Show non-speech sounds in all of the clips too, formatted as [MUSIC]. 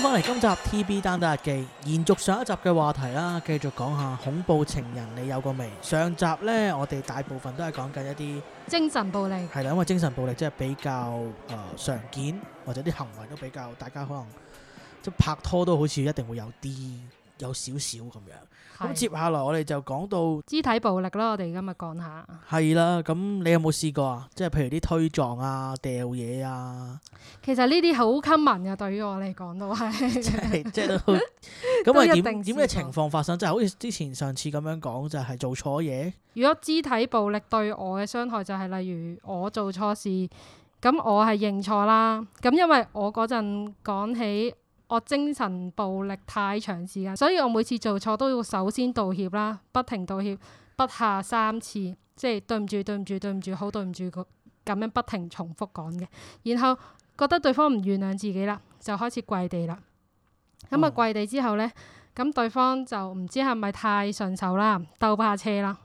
翻嚟今集 T B 單打日記，延續上一集嘅話題啦。繼續講下恐怖情人，你有過未？上集呢，我哋大部分都係講緊一啲精神暴力，係啦，因為精神暴力即係比較、呃、常見，或者啲行為都比較大家可能即、即係、拍拖都好似一定會有啲。有少少咁樣，咁接下來我哋就講到肢體暴力啦。我哋今日講下，係啦。咁你有冇試過啊？即係譬如啲推撞啊、掉嘢啊。其實呢啲好 common 噶，對於我嚟講都係。即係即係都咁啊？點點嘅情況發生？即係好似之前上次咁樣講，就係做錯嘢。如果肢體暴力對我嘅傷害，就係例如我做錯事，咁我係認錯啦。咁因為我嗰陣講起。我精神暴力太長時間，所以我每次做錯都要首先道歉啦，不停道歉不下三次，即係對唔住、對唔住、對唔住，好對唔住咁樣不停重複講嘅。然後覺得對方唔原諒自己啦，就開始跪地啦。咁啊，跪地之後咧，咁、嗯、對方就唔知係咪太順手啦，兜巴車啦，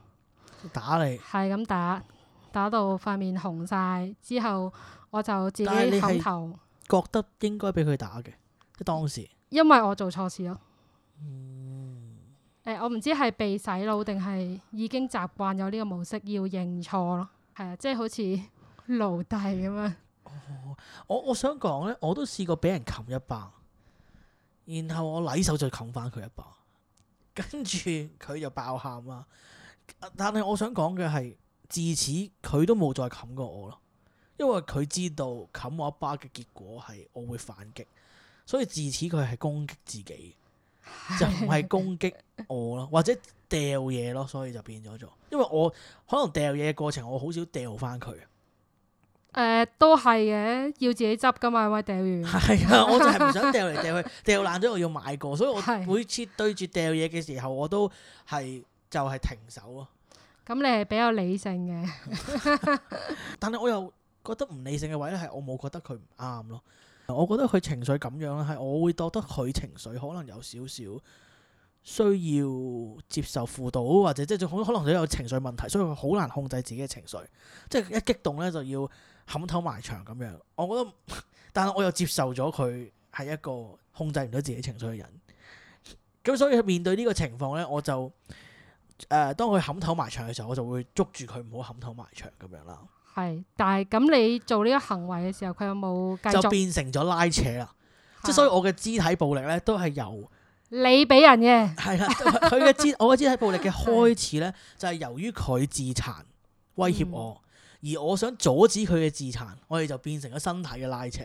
打你係咁打，打到塊面紅晒之後，我就自己叩頭，是是覺得應該俾佢打嘅。當時，因為我做錯事咯。誒、嗯欸，我唔知係被洗腦定係已經習慣有呢個模式要認錯咯。係啊，即係好似奴隸咁樣。哦、我我想講咧，我都試過俾人冚一巴，然後我禮手再冚返佢一巴，跟住佢就爆喊啦。但係我想講嘅係，自此佢都冇再冚過我咯，因為佢知道冚我一巴嘅結果係我會反擊。所以自此佢係攻擊自己，就唔係攻擊我咯， [LAUGHS] 或者掉嘢咯，所以就變咗咗。因為我可能掉嘢嘅過程，我好少掉翻佢。誒、呃，都係嘅，要自己執噶嘛，因為掉完。係 [LAUGHS] 啊，我就係唔想掉嚟掉去，掉爛咗我要買過，所以我每次對住掉嘢嘅時候，我都係就係、是、停手咯。咁你係比較理性嘅，但係我又覺得唔理性嘅位咧，係我冇覺得佢唔啱咯。我覺得佢情緒咁樣咧，係我會覺得佢情緒可能有少少需要接受輔導，或者即係可能佢有情緒問題，所以佢好難控制自己嘅情緒，即係一激動咧就要冚頭埋牆咁樣。我覺得，但係我又接受咗佢係一個控制唔到自己情緒嘅人。咁所以佢面對呢個情況咧，我就誒、呃、當佢冚頭埋牆嘅時候，我就會捉住佢唔好冚頭埋牆咁樣啦。係，但係咁你做呢個行為嘅時候，佢有冇繼續？就變成咗拉扯啦？即係、啊、所以我嘅肢體暴力咧，都係由你俾人嘅係啦。佢 [LAUGHS] 嘅肢，我嘅肢體暴力嘅開始咧，就係由於佢自殘威脅我，而我想阻止佢嘅自殘，我哋就變成咗身體嘅拉扯。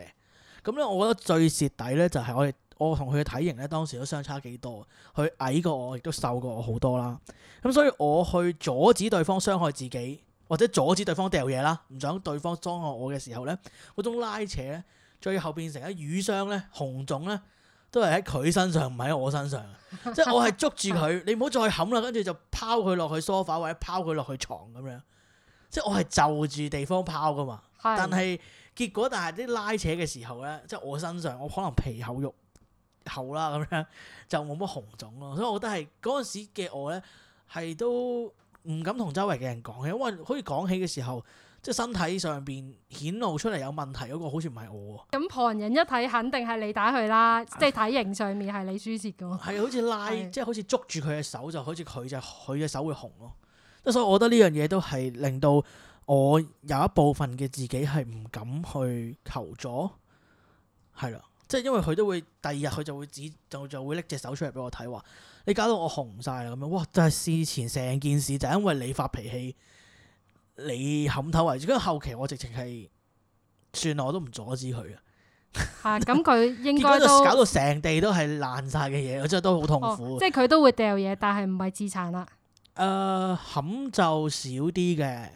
咁咧、嗯，我覺得最蝕底咧，就係我哋我同佢嘅體型咧，當時都相差幾多。佢矮過我，亦都瘦過我好多啦。咁所以我去阻止對方傷害自己。或者阻止對方掉嘢啦，唔想對方傷害我嘅時候咧，嗰種拉扯咧，最後變成喺瘀傷咧、紅腫咧，都係喺佢身上，唔喺我身上。 [LAUGHS] 即係我係捉住佢，你唔好再冚啦，跟住就拋佢落去 sofa 或者拋佢落去床咁樣。即係我係就住地方拋㗎嘛。的但係結果，但係啲拉扯嘅時候咧，即係我身上，我可能皮厚肉厚，厚啦，咁 [LAUGHS] 樣就冇乜紅腫咯。所以我覺得係嗰陣時嘅我咧，係都。唔敢同周圍嘅人講起，因為好似講起嘅時候，即係身體上邊顯露出嚟，有問題嗰、那個，好似唔係我。咁旁人一睇，肯定係你打佢啦，啊、即係體型上面係你輸蝕嘅。係啊，好似拉，即係的好似捉住佢嘅手，就好似佢就佢、是、嘅手會紅咯。即所以我覺得呢樣嘢都係令到我有一部分嘅自己係唔敢去求助，係啦。即係因為佢都會第二日佢就會指就就會拎隻手出嚟俾我睇，話你搞到我紅晒啦咁樣，哇！真係事前成件事就係因為你發脾氣，你冚頭為止。跟住後期我直情係算啦，我都唔阻止佢啊。係、嗯，咁佢應該搞到成地都係爛晒嘅嘢，我真係都好痛苦。哦、即係佢都會掉嘢，但係唔係自殘啦。誒、呃，冚就少啲嘅。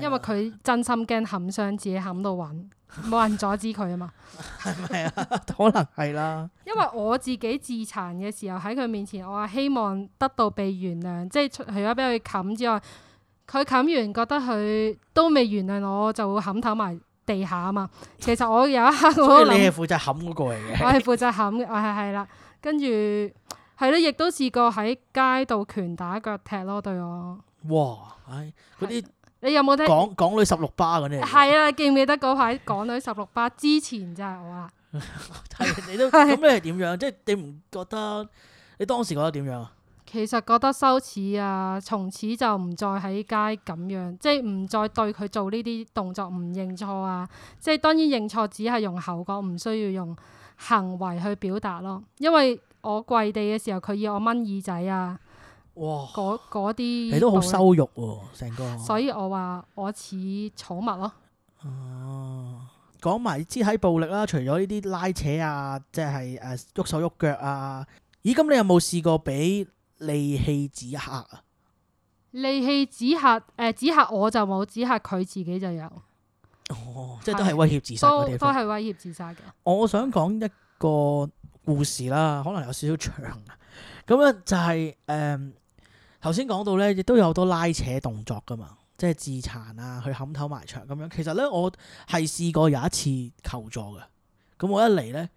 因為佢真心驚冚傷自己，冚到搵冇人阻止佢啊嘛，係咪啊？可能係啦。因為我自己自殘嘅時候喺佢面前，我係希望得到被原諒，即係除咗俾佢冚之外，佢冚完覺得佢都未原諒我，就會冚透埋地下啊嘛。其實我有一刻 [LAUGHS] 我負，你係負責冚嗰個嚟嘅，我係負責冚嘅，係係啦。跟住係咧，亦都試過喺街度拳打腳踢咯，對我。哇，唉，嗰啲。 [LAUGHS] 你有冇聽港港女十六巴嗰啲？係 [LAUGHS] 啊，記唔記得嗰排港女十六巴之前就係我啦。係 [LAUGHS] [LAUGHS] 你都咁咧係點樣？ [LAUGHS] 即係你唔覺得你當時覺得點樣啊？其實覺得羞恥啊！從此就唔再喺街咁樣，即係唔再對佢做呢啲動作，唔認錯啊！即係當然認錯只係用口角，唔需要用行為去表達咯。因為我跪地嘅時候，佢要我掹耳仔啊。哇！嗰啲你都好羞辱喎，啊，成個。所以我話我似寵物咯，啊。哦，講埋肢體暴力啦，除咗呢啲拉扯啊，即係誒喐手喐腳啊。咦，咁你有冇試過俾利器指吓啊？利器指吓誒，呃，指吓我就冇，指吓佢自己就有。哦，即係都係威脅自殺嘅地方。都都係威脅自殺嘅。我想講一個故事啦，可能有少少長啊。噉樣就係、是、誒。嗯頭先講到咧，亦都有好多拉扯動作噶嘛，即係自殘啊，去冚頭埋牆咁樣。其實咧，我係試過有一次求助嘅。咁我一嚟咧，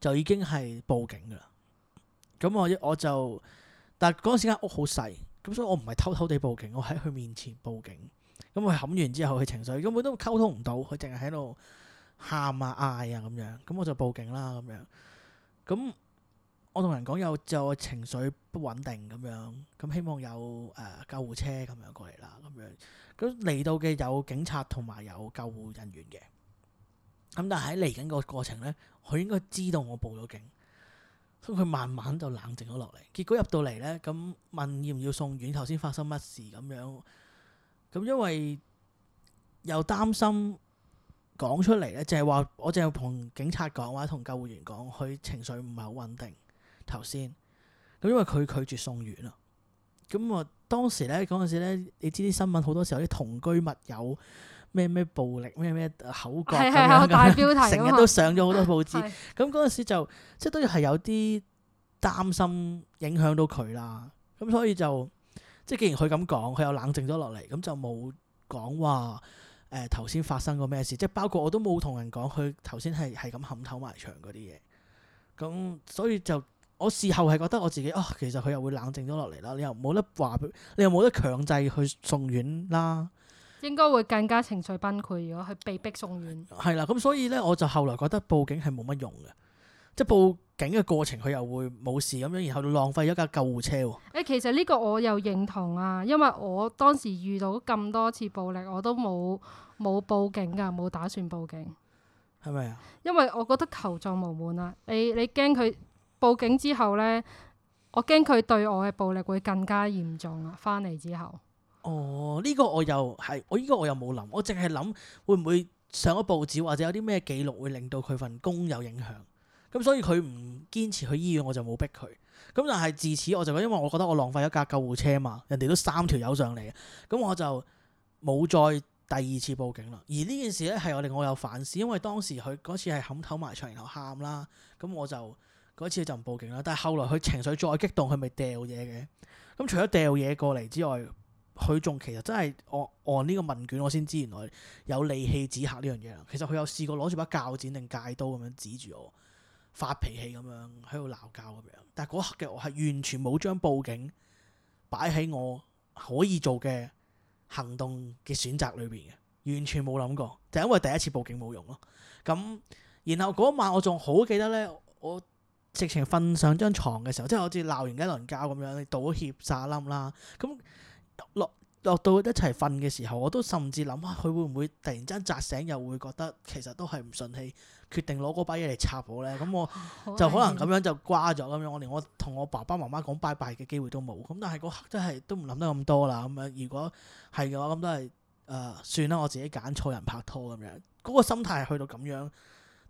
就已經係報警噶啦。咁我我就，但係嗰陣時間屋好細，咁所以我唔係偷偷地報警，我喺佢面前報警。咁佢冚完之後，佢情緒根本都溝通唔到，佢淨係喺度喊啊、嗌啊咁樣。咁我就報警啦，咁樣。咁、嗯我同人講有就情緒不穩定咁樣，咁希望有誒救護車咁樣過嚟啦，咁樣，咁嚟到嘅有警察同埋有救護人員嘅，咁但係喺嚟緊個過程咧，佢應該知道我報咗警，所以佢慢慢就冷靜咗落嚟。結果入到嚟咧，咁問要唔要送院，頭先發生乜事咁樣，咁因為又擔心講出嚟咧，就係話我淨係同警察講或者同救護員講，佢情緒唔係好穩定。頭先咁，因為佢拒絕送院啦。咁啊，當時咧，嗰陣時咧，你知啲新聞好多時候啲同居密友咩咩暴力咩咩口角咁樣嘅，成日都上咗好多報紙。咁嗰陣時就即係都係有啲擔心影響到佢啦。咁所以就即係既然佢咁講，佢又冷靜咗落嚟，咁就冇講話誒。頭先發生過咩事？即係包括我都冇同人講，佢頭先係係咁冚頭埋牆嗰啲嘢。咁所以就。我事後係覺得我自己啊、哦，其實佢又會冷靜咗落嚟啦。你又冇得話，你又冇得強制去送院啦。應該會更加情緒崩潰，如果佢被逼送院。係啦，咁所以咧，我就後來覺得報警係冇乜用嘅，即係報警嘅過程佢又會冇事咁樣，然後浪費咗架救護車喎。誒，其實呢個我又認同啊，因為我當時遇到咁多次暴力，我都冇冇報警噶，冇打算報警，係咪啊？因為我覺得求助無門啦、啊，你你驚佢。報警之後呢，我驚佢對我嘅暴力會更加嚴重啦。翻嚟之後，哦，呢個我又係我呢個我又冇諗，我淨係諗會唔會上咗報紙或者有啲咩記錄會令到佢份工有影響。咁所以佢唔堅持去醫院，我就冇逼佢。咁但係自此我就因為我覺得我浪費咗架救護車嘛，人哋都三條友上嚟，咁我就冇再第二次報警啦。而呢件事呢係令我有反思，因為當時佢嗰次係冚頭埋牆然後喊啦，咁我就。嗰次就唔報警啦，但係後來佢情緒再激動，佢咪掉嘢嘅。咁、嗯、除咗掉嘢過嚟之外，佢仲其實真係按按呢個問卷，我先知原來有利器指嚇呢樣嘢啦。其實佢有試過攞住把鉸剪定戒刀咁樣指住我，發脾氣咁樣喺度鬧交咁樣。但係嗰刻嘅我係完全冇將報警擺喺我可以做嘅行動嘅選擇裏邊嘅，完全冇諗過，就係、因為第一次報警冇用咯。咁、嗯、然後嗰晚我仲好記得咧，我。直情瞓上張床嘅時候，即係好似鬧完一輪交咁樣，你道歉曬冧啦。咁落落到一齊瞓嘅時候，我都甚至諗下佢會唔會突然之間扎醒，又會覺得其實都係唔順氣，決定攞嗰把嘢嚟插我咧？咁、啊、我、嗯、就可能咁樣就瓜咗咁樣，嗯、我連我同我爸爸媽媽講拜拜嘅機會都冇。咁但係嗰刻真係都唔諗得咁多啦。咁樣如果係嘅話，咁都係誒算啦，我自己揀錯人拍拖咁樣，嗰、嗰個心態係去到咁樣。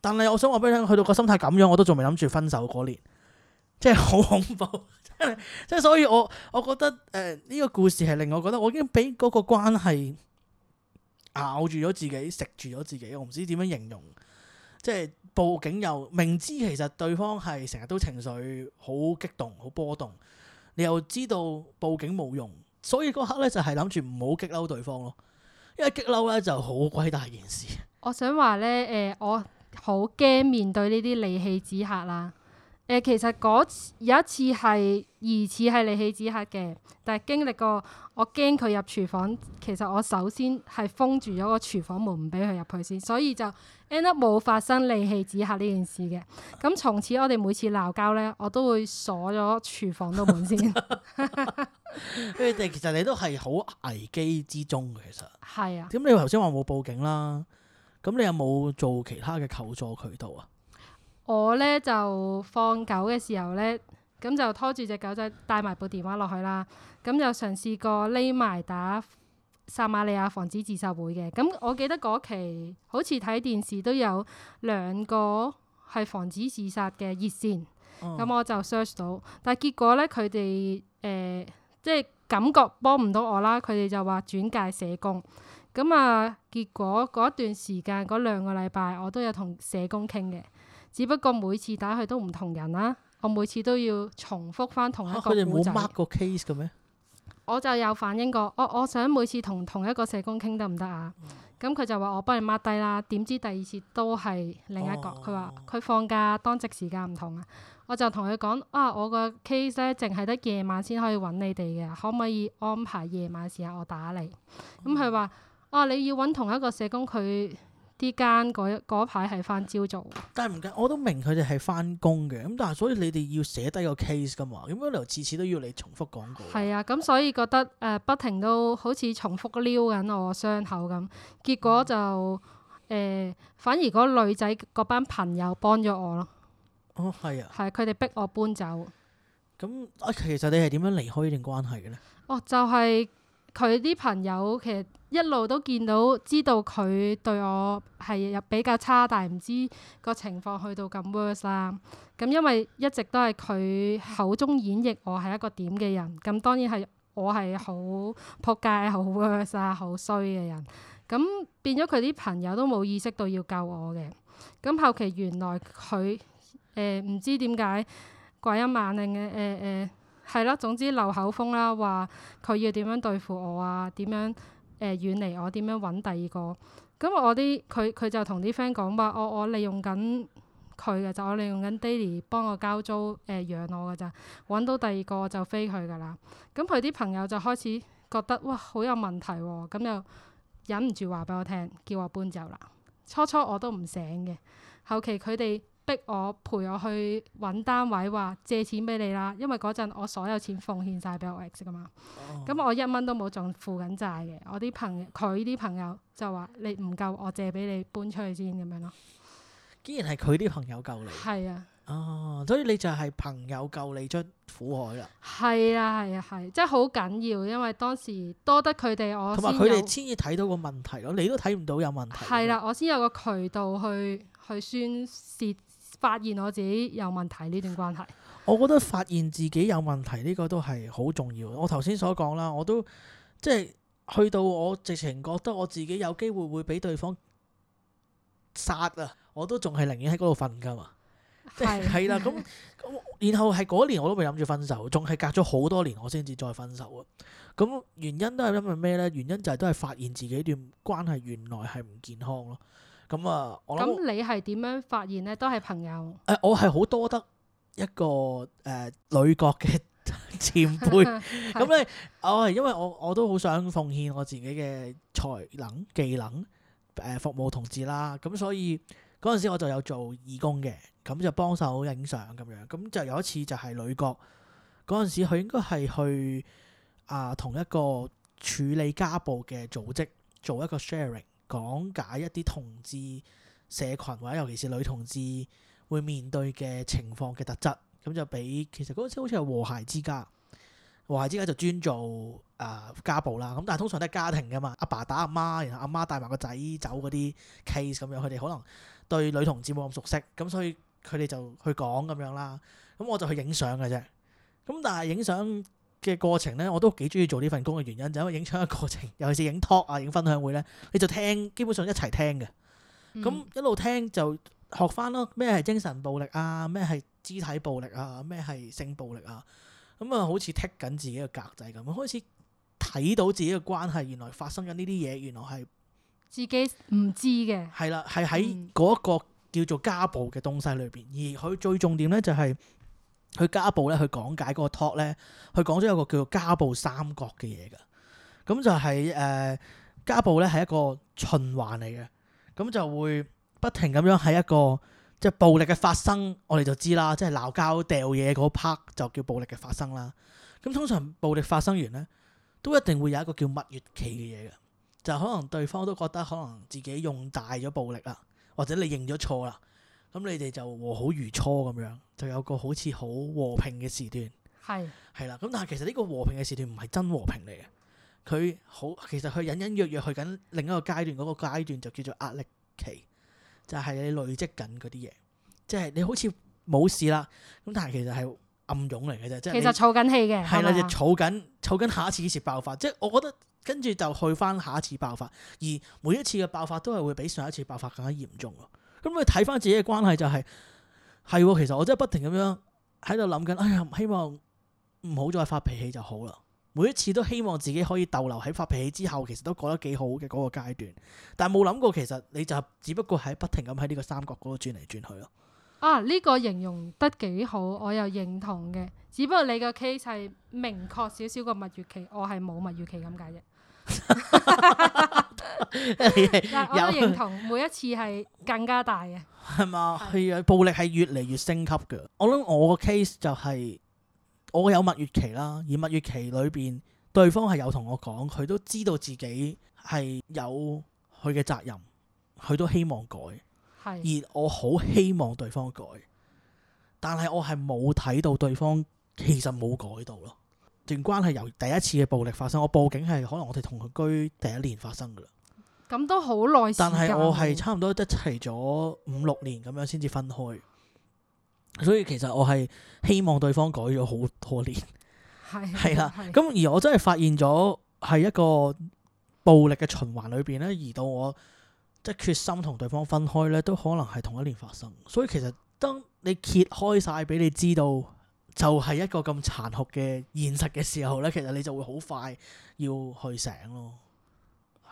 但係我想話俾你聽，去到個心態咁樣，我都仲未諗住分手嗰年，即係好恐怖，即係所以我，我我覺得誒呢、呃這個故事係令我覺得我已經俾嗰個關係咬住咗自己，食住咗自己，我唔知點樣形容。即係報警又明知其實對方係成日都情緒好激動、好波動，你又知道報警冇用，所以嗰刻咧就係諗住唔好激嬲對方咯，因為激嬲咧就好鬼大件事。我想話咧，誒、呃、我，好驚面對呢啲利器指嚇啦！誒、呃，其實嗰有一次係疑似係利器指嚇嘅，但係經歷過我驚佢入廚房，其實我首先係封住咗個廚房門唔俾佢入去先，所以就 end up 冇發生利器指嚇呢件事嘅。咁從此我哋每次鬧交呢，我都會鎖咗廚房度門先。你哋其實你都係好危機之中，嘅，其實係啊。咁你頭先話冇報警啦？咁你有冇做其他嘅求助渠道啊？我咧就放狗嘅時候咧，咁就拖住隻狗仔帶埋部電話落去啦。咁就嘗試過匿埋打薩瑪利亞防止自殺會嘅。咁我記得嗰期好似睇電視都有兩個係防止自殺嘅熱線。咁、嗯、我就 search 到，但係結果咧佢哋誒，即係感覺幫唔到我啦。佢哋就話轉介社工。咁啊！結果嗰一段時間，嗰兩個禮拜，我都有同社工傾嘅。只不過每次打去都唔同人啦、啊，我每次都要重複翻同一個。佢哋冇 mark 個 case 嘅咩？我就有反映過，我我想每次同同一個社工傾得唔得啊？咁佢、嗯、就話我幫你 mark 低啦。點知第二次都係另一個，佢話佢放假當值時間唔同啊。我就同佢講啊，我個 case 咧，淨係得夜晚先可以揾你哋嘅，可唔可以安排夜晚時間我打你？嗯」咁佢話。哦、啊，你要搵同一個社工，佢啲間嗰一排係翻朝早。但係唔緊，我都明佢哋係翻工嘅。咁但係，所以你哋要寫低個 case 㗎嘛？咁嗰度次次都要你重複講過。係啊，咁所以覺得誒、呃，不停都好似重複撩緊我傷口咁。結果就誒、嗯呃，反而嗰女仔嗰班朋友幫咗我咯。哦，係啊。係佢哋逼我搬走。咁啊、嗯，其實你係點樣離開呢段關係嘅咧？哦、啊，就係佢啲朋友其實。一路都見到知道佢對我係比較差，但係唔知個情況去到咁 worse 啦。咁、嗯、因為一直都係佢口中演繹我係一個點嘅人，咁、嗯、當然係我係好撲街、好 worse 啦、好衰嘅人。咁、嗯、變咗佢啲朋友都冇意識到要救我嘅。咁、嗯、後期原來佢誒唔知點解鬼一晚定嘅誒誒係咯，總之漏口風啦、啊，話佢要點樣對付我啊，點樣？誒、呃、遠離我點樣揾第二個？咁我啲佢佢就同啲 friend 講話，我我利用緊佢嘅咋，我利用緊爹 a d 幫我交租誒、呃、養我嘅咋，揾到第二個就飛佢噶啦。咁佢啲朋友就開始覺得哇好有問題喎、哦，咁、嗯、就忍唔住話俾我聽，叫我搬走啦。初初我都唔醒嘅，後期佢哋。逼我陪我去揾單位，話借錢俾你啦。因為嗰陣我所有錢奉獻晒俾我 X 噶嘛，咁、哦、我一蚊都冇仲負緊債嘅。我啲朋友，佢啲朋友就話：你唔夠，我借俾你搬出去先咁樣咯。竟然係佢啲朋友救你？係啊。哦，所以你就係朋友救你出苦海啦。係啊，係啊，係、啊，即係好緊要，因為當時多得佢哋，我同埋佢哋先至睇到個問題咯。你都睇唔到有問題。係啦、啊，我先有個渠道去去宣泄。發現我自己有問題呢段關係，我覺得發現自己有問題呢個都係好重要。我頭先所講啦，我都即係去到我直情覺得我自己有機會會俾對方殺啊，我都仲係寧願喺嗰度瞓噶嘛。係係啦，咁 [LAUGHS] 然後係嗰年我都未諗住分手，仲係隔咗好多年我先至再分手啊。咁原因都係因為咩呢？原因就係都係發現自己段關係原來係唔健康咯。咁啊！咁、嗯、你係點樣發現咧？都係朋友。誒、呃，我係好多得一個誒、呃、女角嘅前輩。咁咧，我係因為我我都好想奉獻我自己嘅才能技能，誒、呃、服務同志啦。咁、嗯、所以嗰陣時我就有做義工嘅，咁就幫手影相咁樣。咁就有一次就係女角嗰陣時該，佢應該係去啊同一個處理家暴嘅組織做一個 sharing。講解一啲同志社群或者尤其是女同志會面對嘅情況嘅特質，咁就俾其實嗰陣時好似有和諧之家，和諧之家就專做誒家暴啦。咁但係通常都係家庭㗎嘛，阿爸打阿媽，然後阿媽帶埋個仔走嗰啲 case 咁樣，佢哋可能對女同志冇咁熟悉，咁所以佢哋就去講咁樣啦。咁我就去影相㗎啫。咁但係影相嘅過程咧，我都幾中意做呢份工嘅原因就是、因為影相嘅過程，尤其是影 talk 啊、影分享會咧，你就聽，基本上一齊聽嘅。咁、嗯、一路聽就學翻咯，咩係精神暴力啊，咩係肢體暴力啊，咩係性暴力啊。咁啊，好似剔緊自己嘅格仔咁，開始睇到自己嘅關係，原來發生緊呢啲嘢，原來係自己唔知嘅。係啦，係喺嗰個叫做家暴嘅東西裏邊，嗯、而佢最重點咧就係、是。去家暴咧，去講解嗰個 talk 咧，佢講咗有個叫做家暴三角嘅嘢㗎。咁就係、是、誒、呃、家暴咧，係一個循環嚟嘅。咁就會不停咁樣喺一個即係暴力嘅發生，我哋就知啦，即係鬧交、掉嘢嗰 part 就叫暴力嘅發生啦。咁通常暴力發生完咧，都一定會有一個叫蜜月期嘅嘢嘅，就可能對方都覺得可能自己用大咗暴力啦，或者你認咗錯啦。咁你哋就和好如初咁樣，就有個好似好和平嘅時段。係係啦，咁但係其實呢個和平嘅時段唔係真和平嚟嘅，佢好其實佢隱隱約約去緊另一個階段，嗰個階段就叫做壓力期，就係你累積緊嗰啲嘢，即係你好似冇事啦，咁但係其實係暗湧嚟嘅啫。即係其實儲緊氣嘅，係啦，就儲緊儲緊下一次幾時爆發？即係我覺得跟住就去翻下一次爆發，而每一次嘅爆發都係會比上一次爆發更加嚴重。咁佢睇翻自己嘅關係就係、係，係其實我真係不停咁樣喺度諗緊，哎呀，希望唔好再發脾氣就好啦。每一次都希望自己可以逗留喺發脾氣之後，其實都過得幾好嘅嗰個階段，但冇諗過其實你就只不過喺不停咁喺呢個三角嗰度轉嚟轉去咯。啊，呢、呢個形容得幾好，我又認同嘅。只不過你嘅 case 係明確少少個蜜月期，我係冇蜜月期咁解啫。但 [LAUGHS] [LAUGHS] [LAUGHS] 我都認同每一次係更加大嘅。吧係嘛？係啊，暴力係越嚟越升級噶我諗我個 case 就係、是、我有蜜月期啦，而蜜月期裏邊，對方係有同我講，佢都知道自己係有佢嘅責任，佢都希望改。的而我好希望對方改，但係我係冇睇到對方其實冇改到咯。段關係由第一次嘅暴力發生，我報警係可能我哋同佢居第一年發生噶啦，咁都好耐。但係我係差唔多一齊咗五六年咁樣先至分開，所以其實我係希望對方改咗好多年，係係啦。咁的的而我真係發現咗係一個暴力嘅循環裏邊咧，而到我即係決心同對方分開咧，都可能係同一年發生。所以其實當你揭開晒俾你知道。就係一個咁殘酷嘅現實嘅時候咧，其實你就會好快要去醒咯，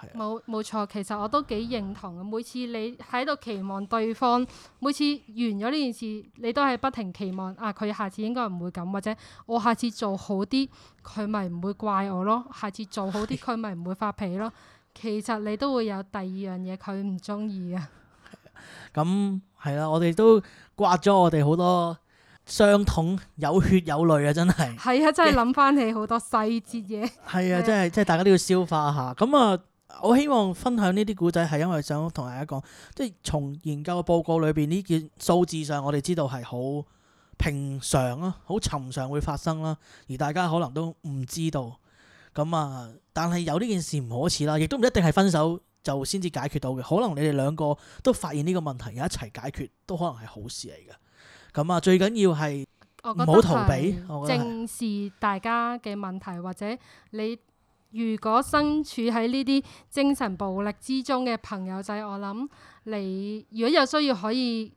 係啊，冇冇錯，其實我都幾認同嘅。每次你喺度期望對方，每次完咗呢件事，你都係不停期望啊，佢下次應該唔會咁，或者我下次做好啲，佢咪唔會怪我咯。下次做好啲，佢咪唔會發脾氣咯。其實你都會有第二樣嘢佢唔中意啊。咁係啦，我哋都刮咗我哋好多。傷痛有血有淚啊，真係係啊，真係諗翻起好多細節嘢。係、 [LAUGHS] 嗯、啊，真係即係大家都要消化下。咁啊，我希望分享呢啲古仔係因為想同大家講，即、就、係、是、從研究嘅報告裏邊呢件數字上，我哋知道係好平常咯、啊，好尋常會發生啦、啊。而大家可能都唔知道。咁啊，但係有呢件事唔可恥啦，亦都唔一定係分手就先至解決到嘅。可能你哋兩個都發現呢個問題，一齊解決都可能係好事嚟嘅。咁啊，最緊要係唔好逃避，正視大家嘅問題，或者你如果身處喺呢啲精神暴力之中嘅朋友仔，我諗你如果有需要可以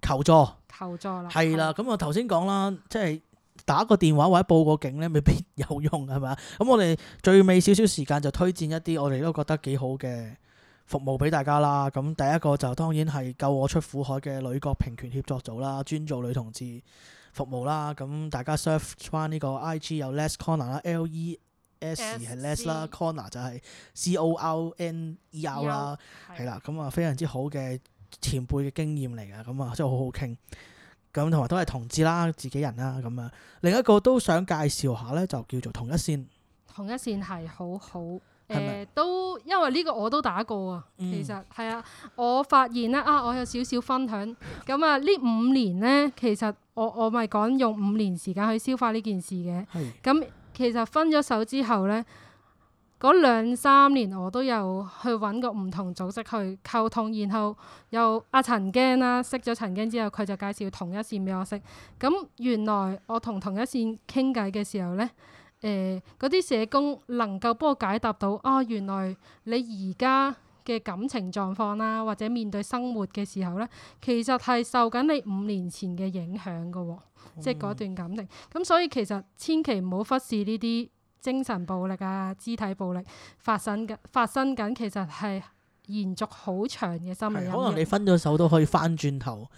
求助，求助啦，係啦。咁，嗯，我頭先講啦，即係打個電話或者報個警咧，未必有用，係咪啊？咁我哋最尾少少時間就推薦一啲我哋都覺得幾好嘅。服務俾大家啦，咁第一個就當然係救我出苦海嘅女國平權協作組啦，專做女同志服務啦，咁大家 surf 返呢個 IG 有 Les Corner 啦，L-E-S 係 Les 啦，Corner 就係 C-O-R-N-E-R 啦，係啦，咁啊非常之好嘅前輩嘅經驗嚟㗎，咁啊真係好好傾，咁同埋都係同志啦，自己人啦，咁啊另一個都想介紹下呢，就叫做同一線，同一線係好好，係咪都。因為呢個我都打過啊，其實係、嗯、啊，我發現咧啊，我有少少分享咁啊。呢五年咧，其實我我咪講用五年時間去消化呢件事嘅。咁是的、嗯、其實分咗手之後咧，嗰兩三年我都有去揾過唔同組織去溝通，然後又阿陳經啦，識咗陳經之後，佢就介紹同一線俾我識。咁原來我同同一線傾偈嘅時候咧。誒嗰啲社工能夠幫我解答到，哦，原來你而家嘅感情狀況啦，或者面對生活嘅時候咧，其實係受緊你五年前嘅影響嘅喎，嗯、即係嗰段感情。咁所以其實千祈唔好忽視呢啲精神暴力啊、肢體暴力發生緊、發生緊，其實係延續好長嘅心理陰影。可能你分咗手都可以翻轉頭。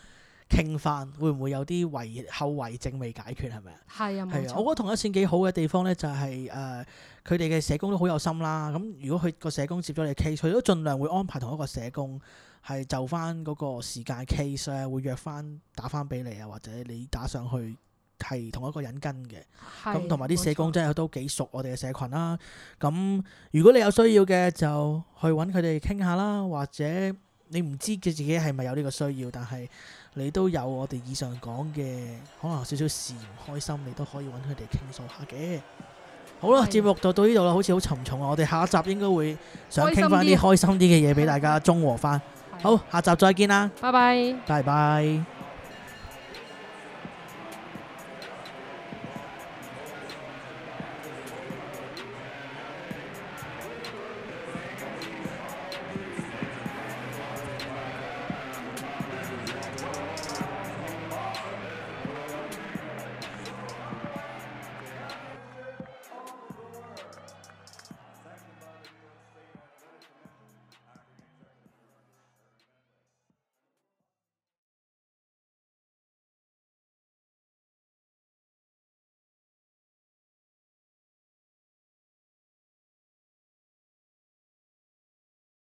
傾翻會唔會有啲遺後遺症未解決係咪啊？係啊，冇錯。我覺得同一線幾好嘅地方咧、就是，就係誒佢哋嘅社工都好有心啦。咁、嗯、如果佢個社工接咗你嘅 case，佢都盡量會安排同一個社工係就翻嗰個時間 case 咧，會約翻打翻俾你啊，或者你打上去係同一個人跟嘅咁，同埋啲社工真係都幾熟我哋嘅社群啦。咁、嗯、如果你有需要嘅，就去揾佢哋傾下啦。或者你唔知佢自己係咪有呢個需要，但係。你都有我哋以上講嘅，可能有少少事唔開心，你都可以揾佢哋傾訴下嘅。好啦，的節目就到呢度啦，好似好沉重啊！我哋下一集應該會想傾翻啲開心啲嘅嘢俾大家中和翻。好，下集再見啦，拜拜，拜拜。